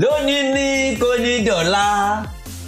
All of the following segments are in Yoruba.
lónìí ni kò ní dọ̀la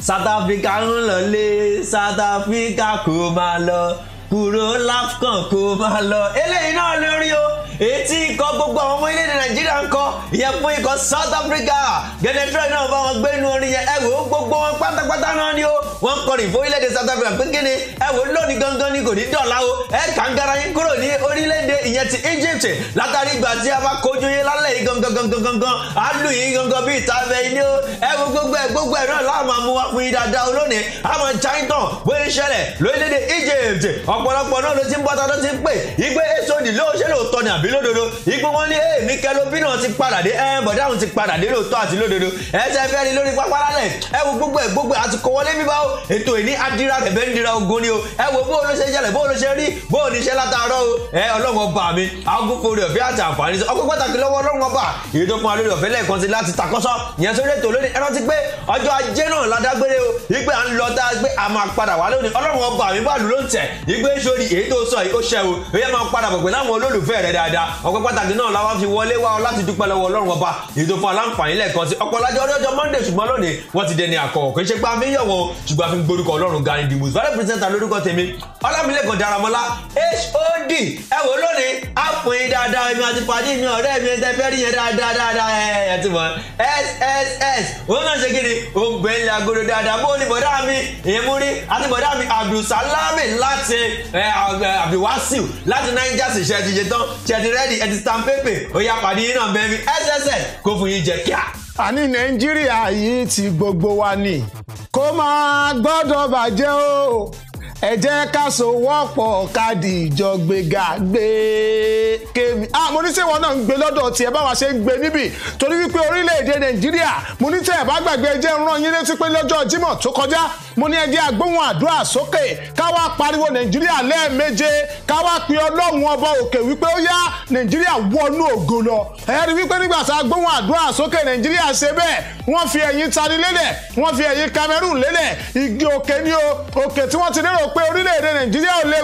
South Africa ń lọlé South Africa kò máa lọ kúrò láfkàn kò máa lọ eléyìí náà lórí o èyí tí kọ gbogbo àwọn ọmọ ilẹ̀ Nàìjíríà ń kọ́ ìyẹn fún ikọ̀ South Africa gẹ́gẹ́ tí wọ́n náà bá wọn gbé inú orin yẹn ẹ wò ó gbogbo wọn pátápátá náà ni ó wọ́n kọrin fún orílẹ̀-èdè South Africa pé kí ni ẹ wò ó lónìí gangan ni kò ní dọ̀la o ẹ kàǹgara yín kúrò ní orílẹ̀-èdè ìyẹn ti Egypt látàrí ìgbà tí a bá kojú yín lálẹ́ yìí gangan gangan gangan á lù yín gangan bí ìta abẹ yín ni ó ẹ wò gbogbo ẹ gbogbo ẹ náà láàmú amúwá fún yín dáadáa olónìí àmọ́ jaintan bóyá ìṣẹ̀lẹ̀ lórílẹ̀-èdè Egypt ọ̀pọ̀lọpọ̀ náà ló ti ń bọ́ta tó ti ń pè yí pé èso nìlóòṣèlú tọ́ni àbí lódodo yí pé wọ́n ní èèmí kẹlóbí náà ti padà padà dé ẹ bọ̀dá òun ti padà dé lóòótọ́ àti lódodo ẹ ṣe fẹ́ rí lórí pápá lálẹ́ ẹ wo gbogbo ẹ gbogbo àti kọ wọlé bíbá o ètò ìní adira tẹ̀fẹ́ ń dira ogun ni o ẹ wo bó o ló ṣe jẹlẹ̀ bó o ló ṣe rí bó o ní iṣẹ́ látàárọ̀ o ẹ ọlọ́run ọba mi agunfori ọ̀fẹ́ àti àǹfààní sọ ọkọ̀ pàtàkì lọ́wọ́ ọlọ́run ọba èyí tó fún wa lórí ọ̀fẹ́ lẹ́ẹ̀kan sí láti takọ́sọ́ ìyẹn sórí ètò lónìí ẹ rántí pé ọjọ́ ajé náà ládágbére o ìgbé à ń lọ tá a gbé a máa padà wá lónìí ọlọ́run ọba mi bá lù ló ń tẹ̀ ìgbé sórí èyí tó sọ yìí ó ṣẹ o ó yẹ máa lọ́wọ́ ọlọ́run ọba èyí tó fún aláǹfààní lẹ́ẹ̀kan sí ọ̀pọ̀lájọ ọjọ́ monday ṣùgbọ́n lónìí wọ́n ti dẹni àkọ́kọ́ kì í ṣe pé a fi ṣùgbọ́n a fi ń ọlọ́run ga ni the most lórúkọ tèmi ọlámilẹ́kan daramọ́lá h o dì ẹ wò lónìí á pín in dáadáa èmi àti pàdé mi ọ̀rẹ́ mi ẹ̀ tẹ́fẹ́ rí yẹn dáadáa dáadáa ẹ̀ ẹ̀ ti mọ̀ sss òun náà ṣe kí ni òun gbẹ̀ ńlẹ̀ agodo dáadáa bó ni bọ̀dá mi ìmúrí àti bọ̀dá mi abdulsalami láti abdulwasiu láti naija sì ṣe ti ṣe tán ṣe ti rẹ́dì ẹ ti stamp paper ó yá pàdé náà bẹ́ẹ̀ mi sss kó fún yín jẹ kíá àní nàìjíríà yìí ti gbogbo wa ni kó máa gbọ́dọ̀ bàjẹ́ o ẹ jẹ́ ká sowọ́pọ̀ ká dìjọ gbéga gbé kémi. ah mo ní ṣé wọn náà ń gbé lọ́dọ̀ tiẹ̀ báwa ṣe ń gbé níbì torí wípé orílẹ̀-èdè nàìjíríà mo ní tẹ̀ bá gbàgbé ẹ jẹ́ ń rán yín létí pé lọ́jọ́ jímọ̀ tó kọjá mo ní ẹ jẹ́ agbóhùn àdúrà sókè káwá pariwo nàìjíríà lẹ́ẹ̀méje káwá pe ọlọ́run ọba òkè wípé ó yá nàìjíríà wọnú ògo lọ ẹ rí wípé nígbà tá a gbóhùn àdúrà sókè nàìjíríà ṣe bẹ́ẹ̀ wọ́n fi ẹ̀yìn tani lélẹ̀ wọ́n fi ẹ̀yìn Cameroon lélẹ̀ ìgbì òkè ni o òkè tí wọ́n ti lérò pé orílẹ̀-èdè nàìjíríà ò lè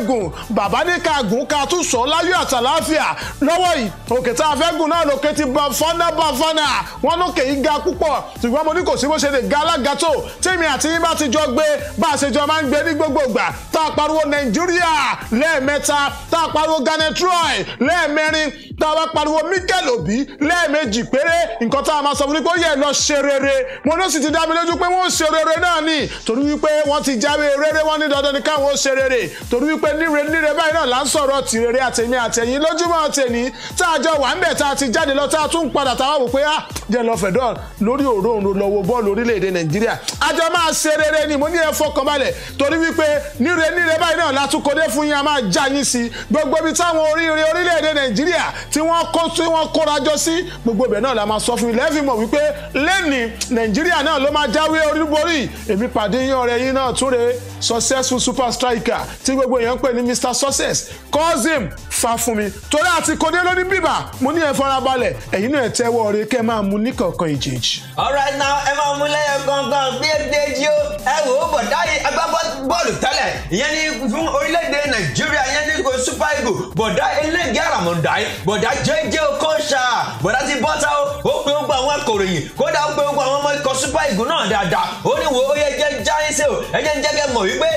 bàbá ní ká gùn ká tún sọ láyọ̀ àtàláfíà lọ́wọ́ yìí òkè tá a fẹ́ gùn náà lókè ti Bafana Bafana wọn lókè yìí ga púpọ̀ ṣùgbọ́n mo ní kò sí bó ṣe lè ga alága tó tèmi àti yín bá ti jọ gbé bá a ṣe jọ máa ń gbé ní gbogbo ìgbà tá a pariwo nàìjíríà lẹ́ẹ̀mẹ́ta tá a pariwo Garnet Roy lẹ́ẹ̀mẹ́rin tá a wá pariwo Mikel Obi lẹ́ẹ̀mejì péré nǹkan tá a máa sọ fún mi pé ó yẹ lọ ṣe rere mo ní ó sì ti dá mi lójú pé wọ́n ṣe rere náà ni torí wípé wọ́n ti jáwé rere wọ́n ní dandan ní k káwọn ó ṣe rere torí wípé níre níre báyìí náà là ń sọ̀rọ̀ tìrere àtẹ̀mí àtẹ̀yìn lójúmọ́ tèmi tá a jọ wà ń bẹ̀ tá a ti jáde lọ tá a tún padà tá wò pé ah, jẹ́ lọ fẹ̀dọ́ lórí òróǹro lọ́wọ́ bọ́ọ̀lù orílẹ̀-èdè nàìjíríà àjọ máa ṣe rere ni mo ní ẹ fọkàn balẹ̀ torí wípé níre níre báyìí náà látúkọdé fún yín a máa já yín sí gbogbo ibi táwọn oríire orílẹ̀-èdè nàìjíríà tí wọ́n kó tí wọ́n kóra jọ sí gbogbo ibẹ̀ náà la máa sọ fún ilẹ̀ fi mọ̀ wípé lẹ́nìí nàìjíríà náà ló máa jáwé orí borí èmi pàdé yín ọ̀rẹ́ yín náà túnre successful super super striker tí gbogbo èèyàn pè ní mr success cousin fafunmi torí àti kòdé lórí bíbà mo ní ẹ farabalẹ̀ ẹ̀yin náà ẹ rẹ kẹ́ máa mu ní kọ̀ọ̀kan ìjèjì. alright now ẹ máa mú lẹ́yọ gangan bí egbèjì o ẹ wò ó bọ̀ dáyé agbábọ́ọ̀lù tẹ́lẹ̀ ìyẹn ní fún orílẹ̀-èdè nàìjíríà ìyẹn ní kò super ego. bọ̀dá eléyìí àràmọ̀dá yìí bọ̀dá jẹ́jẹ́ kọ́ṣà bọ̀dá ti bọ́ta o ó pe àwọn akòròyìn kódà ó pe gbogbo àwọn ọmọ ikọ̀ super eagle náà dáadáa ó ní wo ó yẹ jẹ́ jáyé sí o ẹ jẹ́ jẹ́ kẹ́ mọ̀ wípé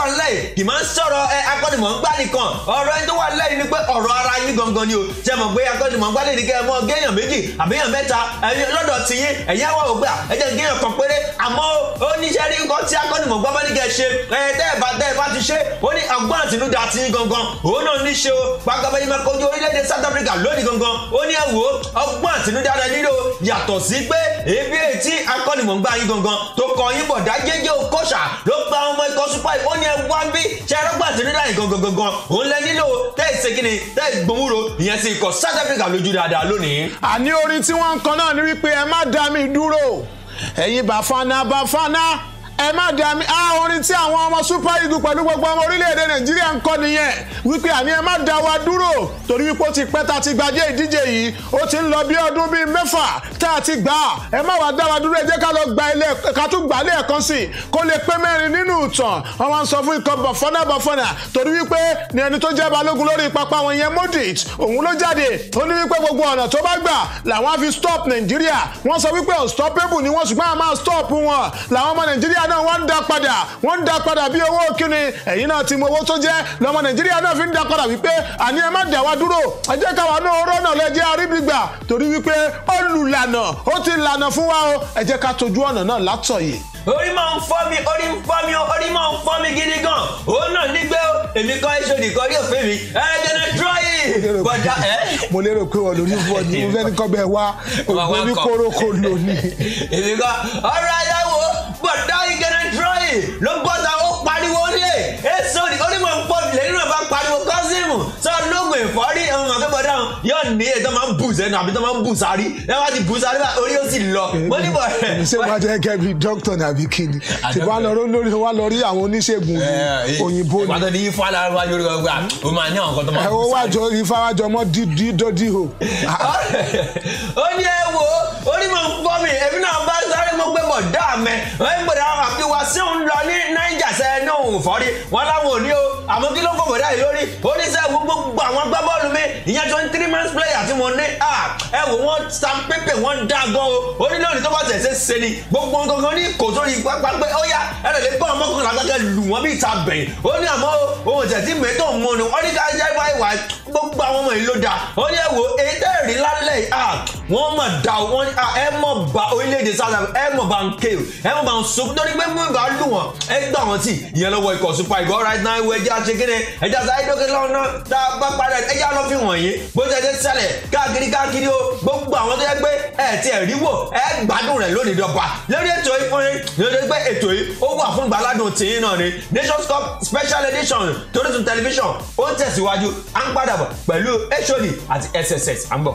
wà nílẹ̀ yìí kì máa ń sọ̀rọ̀ ẹ akọ́nimọ̀ọ́gbá nìkan ọ̀rọ̀ ẹni tó wà nílẹ̀ ni pé ọ̀rọ̀ ara yín gangan ni o ṣe mọ̀ pé akọ́nimọ̀ọ́gbá lè ní kẹ́ ẹ mọ́ géèyàn méjì àbíyàn mẹ́ta lọ́dọ̀ tiyín ẹ̀yin àwọn ògbà ẹ̀jẹ̀ géèyàn kan péré àmọ́ ó níṣẹ́ rí nǹkan tí akọ́nìmọ̀ gbọ́bọ́ ní kẹ́ ṣe tẹ́ ẹ̀ bá tẹ́ ẹ̀ bá ti ṣe ó ní ọgbọ́n àtinúdá ti gangan òun náà ní ṣe o pàgọ́bẹ́ yìí máa kojú orílẹ̀-èdè South Africa lónìí gangan ó ní ẹ̀wò ọgbọ́n àtinúdá rẹ nílò yàtọ̀ sí pé èébí etí akọ́nìmọ̀ gbá yín gangan tó kọ yín bọ̀ dájẹ́jẹ́ òkọ́ṣà ló gba ọmọ ikọ̀ super ó ní ẹwà ń bí ṣe ẹrọ́gbọ́n àtinúdá yìí gangan gangan òun lẹ nílò tẹ́ ẹ̀ ṣe kíni tẹ́ ẹ̀ gbòmúro ìyẹn sì ikọ̀ South Africa lójú dáadáa lónìí. àní orin tí wọ́n ń kan náà ni wípé ẹ má dá mi dúró ẹ̀yin bàfana bàfana ẹ má da mi á orin tí àwọn ọmọ super eagles pẹ̀lú gbogbo ọmọ orílẹ̀-èdè nàìjíríà ń kọ́ nìyẹn wípé àní ẹ má da wa dúró torí wípé ó ti pẹ́ tá a ti gbadé ìdíje yìí ó ti ń lọ bí ọdún bíi mẹ́fà tá a ti gbà á ẹ má wá dá wa dúró ẹ jẹ́ ká lọ gba ilé ká tún gbà á lẹ́ẹ̀kan sí i kó lè pé mẹ́rin nínú ìtàn wọn wá ń sọ fún ikọ̀ bọ̀fọ́nà bọ̀fọ́nà torí wípé ni ẹni tó jẹ́ balógun lórí pápá wọn yẹn modric òun ló jáde ó ní wípé gbogbo ọ̀nà tó bá gbà làwọn á fi stop nàìjíríà wọ́n sọ wípé unstoppable ni wọ́n ṣùgbọ́n a máa stop wọn làwọn ọmọ nàìjíríà náà wọ́n ń dá padà wọ́n ń dá padà bí owó kíni ẹ̀yin náà ti mọ owó tó jẹ́ lọ́mọ nàìjíríà náà fi ń dá padà wípé àní ẹ má dá wa dúró ẹ jẹ́ káwa náà ọ̀rọ̀ náà lẹ jẹ́ arígbìgbà torí wípé olùlànà ó ti lànà fún wa o ẹ jẹ́ ká tojú ọ̀nà náà látọ̀yè orí máa ń fọ́ mi orí ń fọ́ mi orí máa ń fọ́ mi gidi gan òun náà nígbẹ́ o èmi kọ́ iṣẹ́ òdìkọ́ yóò fẹ́ mi ẹ gẹ́nẹ́ dúráyì mo lérò pé wọn lórí fún ọ ní mo fẹ́ bẹ́ẹ̀ wá òun ní kórókó lónìí. èmi ọ̀rọ̀ ayáwó gbọ̀dá igẹ̀rẹ̀ dúrọ́yì lọ́gbọ́ta ó pariwo ní ẹ̀ ẹ̀ sọ́ọ̀dì onímọ̀ ń pọ̀ bìlẹ̀ nínú ẹ̀ bá pariwo kọ́símù sọ́ọ̀lù ẹ̀fọ́rí àwọn màmá fẹ́ bọ́dá wọn yóò ní èyí tó máa ń bù sẹ́nu àbí tó máa ń bù sárí ẹ bá ti bù sárí bá orí ó sì lọ mo ní bọ̀ rẹ̀. ṣé wàá jẹ́ gẹ́gẹ́ bí dókítà ní àbí kíni tí wàá lọ lórí wàá lọ rí àwọn oníṣègùn òyìnbó ni. ìpàtọ́ ní ifá lára wájú orí ọgbà ó máa ní àwọn kan tó máa ń bù sárí. ó wájọ ifá wájọ mọ́ dídọ́díhò. ó ní ẹ wo ó ní mò ń gbọ́ mi èmi náà bá sáré mo gbé bọ̀ dá mẹ́ ẹ̀ gbọ́dọ̀ àwọn àfiwá sí òun lọ ní Niger sẹ́ẹ̀ náà òun fọ́rí wọn láwọn ò ní o àmọ́ kí ló ń fọ̀bọ̀dá yìí lórí oníṣẹ́ gbogbo àwọn gbá bọ́ọ̀lù mi ìyẹn twenty three months player tí mo ní ẹ wò wọ́n Sam Pepe wọ́n dá gan o onílé òní tó bá tẹ̀ ṣe ni gbogbo nǹkan ní kò tó pápá pé ó yá ẹ lù wọ́n bí ìta bẹ̀yìn ó ní àmọ́ ohun ìtẹ̀sí mẹ́tò mọ́nu ó ní ká jẹ́ bá ìwà gbogbo àwọn ọmọ yìí ló dáa ó ní ẹ̀wò ètò ẹ̀rí lálẹ́ yìí wọ́n mọ̀ dá wọ́n ẹ mọ̀ bá orílẹ̀-èdè South Africa ẹ mọ̀ bá ń ké ẹ mọ̀ bá ń sunkún torí pé mú ìbá lù wọ́n ẹ gbà wọ́n tì ìyẹn lọ́wọ́ ikọ̀ super ìgò right now ìwé ẹja ṣe kíni ẹja sáré dókè lọ́nà tá a bá padà ẹja lọ́ fi wọ̀nyí bó ti ẹjẹ ṣẹlẹ̀ káàkiri káàkiri o gbogbo àwọn tó yẹ pé ẹ ti ẹ̀ wò ẹ gbádùn rẹ̀ lónìí dọ̀pà lórí ètò yìí fún yín lórí pé ètò yìí ó wà fún gbàládùn tìyín náà náà ni Nations Cup special edition Tórísun tẹlifíṣàn ó ń tẹ̀síwájú à ń padà bọ̀ pẹ̀lú hod àti sss à ń